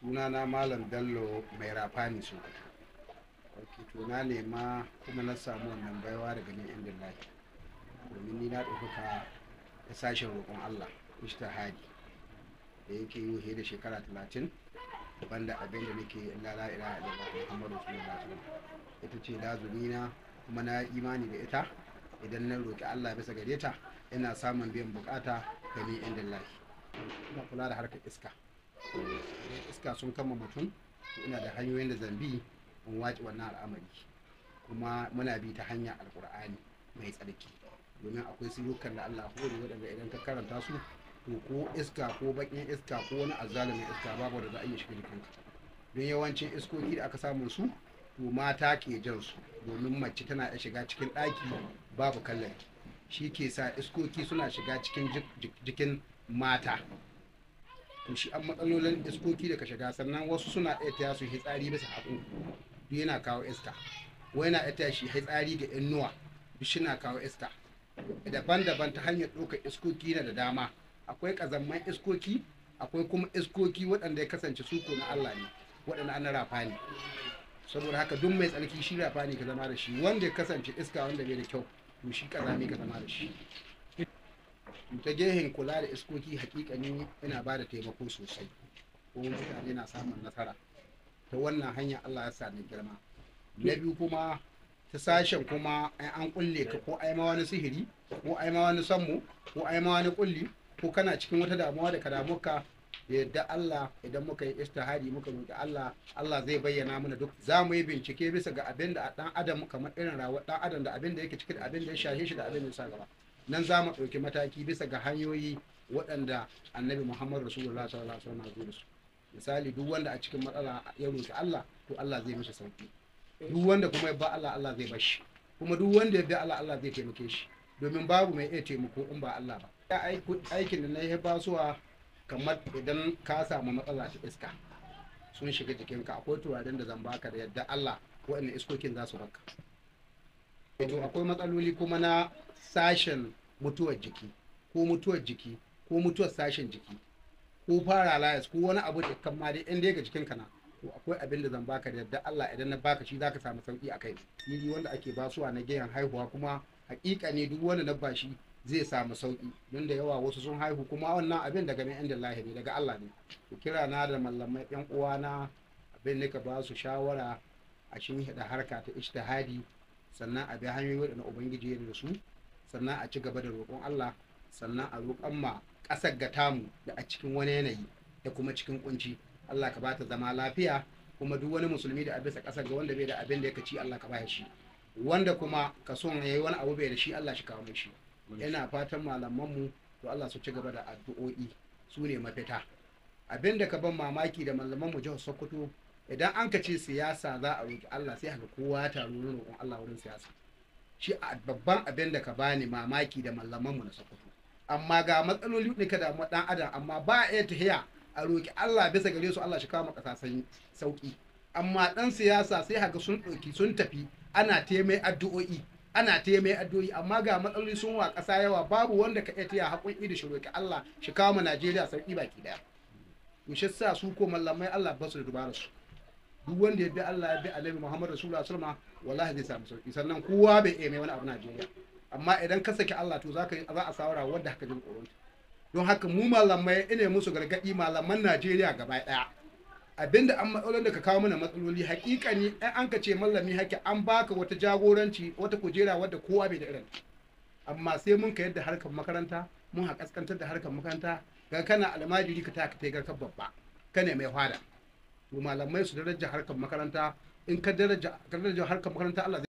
sunana malam bello mai rafani sokoto ok to na nema kuma na samu wannan baiwa daga ni inda lafi domin ni na ɗaukaka ta sashen roƙon allah hadi da yake yi da shekara talatin banda abin da nake illa la ilaha illallah muhammadu rasulullahi ita ce na kuma na imani da ita idan na roƙi allah bisa gare ta ina samun biyan bukata ga ni inda lafi ina kula da harkar iska Eh, iska sun kama mutum ina da hanyoyin da zambi in waci wannan al'amari kuma muna bi ta hanya alkur'ani mai tsarki domin akwai sirrukan da Allah hore waɗanda idan ka karanta su to ko iska ko bakin iska ko wani azzalumin iska babu da za a iya shiga jikinka don yawancin iskoki da aka samu su to mata ke jan su domin mace tana iya shiga cikin ɗaki babu kallon shi ke sa iskoki suna shiga cikin jikin mata to shi an matsalolin iskoki da ka shiga sannan wasu suna iya taya su hitsari bisa haƙo duk yana kawo iska wai na iya shi hitsari ga innuwa duk shi na kawo iska daban-daban ta hanyar ɗaukar iskoki na da dama akwai ƙazamman iskoki akwai kuma iskoki waɗanda ya kasance suko na Allah ne waɗanda an rafa ne saboda haka duk mai tsarki shi rafa ne ka zama da shi wanda ya kasance iska wanda bai da kyau to shi ƙazami ka zama da shi ta gehen kula da iskoki hakikani yana ba da taimako sosai ko mutane na samun nasara ta wannan hanya Allah ya sa ni girma na biyu kuma ta sashen kuma an kulle ka ko aima wani sihiri ko aima wani sammu ko aima wani kulli ko kana cikin wata damuwa da ka damu yadda Allah idan muka yi istihari muka roƙi Allah Allah zai bayyana mana duk za mu yi bincike bisa ga abin da dan adam kamar irin rawa, dan adam da abin da yake ciki da abin da ya shahe shi da abin da ya sa gaba nan za mu ɗauki mataki bisa ga hanyoyi waɗanda annabi muhammad rasulullah sallallahu alaihi wasallam da su misali duk wanda a cikin matsala ya roƙi Allah to Allah zai mishi sauki duk wanda kuma ya ba Allah Allah zai bashi kuma duk wanda ya bi Allah Allah zai taimake shi domin babu mai iya taimako in ba Allah ba ya aikin da na yi basuwa kamar idan ka samu matsala ta iska sun shiga ka akwai turaren da zan baka da yadda Allah waɗanda iskokin za su baka to akwai matsaloli kuma na sashen mutuwar jiki ko mutuwar jiki ko mutuwar sashen jiki ko fara layas ko wani abu da kan ma dai in dai ga jikinka na to akwai abin da zan baka da yadda Allah idan na baka shi zaka samu sauki a kai ni wanda ake basuwa na gayan haihuwa kuma hakika ne duk wanda na shi zai samu sauki don da yawa wasu sun haihu kuma wannan abin daga min inda lahiri ne daga Allah ne ku kira na da mallamai yan uwana abin nika ba su shawara a shin da harka ta ishtihadi sannan a bi hanyoyi da ubangiji ya da su sannan a ci gaba da roƙon Allah sannan a roƙon ma ƙasar ga tamu da a cikin wani yanayi da kuma cikin ƙunci, Allah ka bata zama lafiya kuma duk wani musulmi da a bisa ƙasar ga wanda bai da abin da ya ci Allah ka ba shi wanda kuma ka son ya yi wani abu bai da shi Allah shi kawo shi ina fatan malaman mu to Allah su ci gaba da addu'o'i su ne mafita abin da ka ban mamaki da mu jihar Sokoto idan an ka ce siyasa za a roƙi Allah sai haka kowa taro roƙon Allah wurin siyasa shi a babban abin da ka bani mamaki da mallamanmu na sokoto amma ga matsaloli ne ka damu dan adam amma ba a iya tahiya a roki Allah bisa gare su Allah shi kawo kasa sauki amma dan siyasa sai haka sun ɗauki sun tafi ana taimai addu'o'i ana taimai addu'o'i amma ga matsaloli sun wa kasa yawa babu wanda ka iya taya hakun da shi roki Allah shi kawo Najeriya sauki baki daya. mushe sa su ko mallamai Allah ba su da su. duk wanda ya bi Allah ya bi Annabi Muhammad Rasulullah sallallahu alaihi wasallam wallahi zai samu sauki sannan kowa bai iya mai wani abu Najeriya amma idan ka saki Allah to zaka za a sawara wanda haka jin tsoron don haka mu malamai ina musu gargadi malaman Najeriya gaba daya abinda an matsalolin da ka kawo mana matsaloli hakika ne an an ka ce mallami haka an baka wata jagoranci wata kujera wadda kowa bai da irin amma sai mun ka yadda harkar makaranta mun ha kaskantar da harkar makaranta ga kana almajiri ka ta ka ta babba kane mai fada to malamai su daraja harkar makaranta in ka daraja harkar makaranta Allah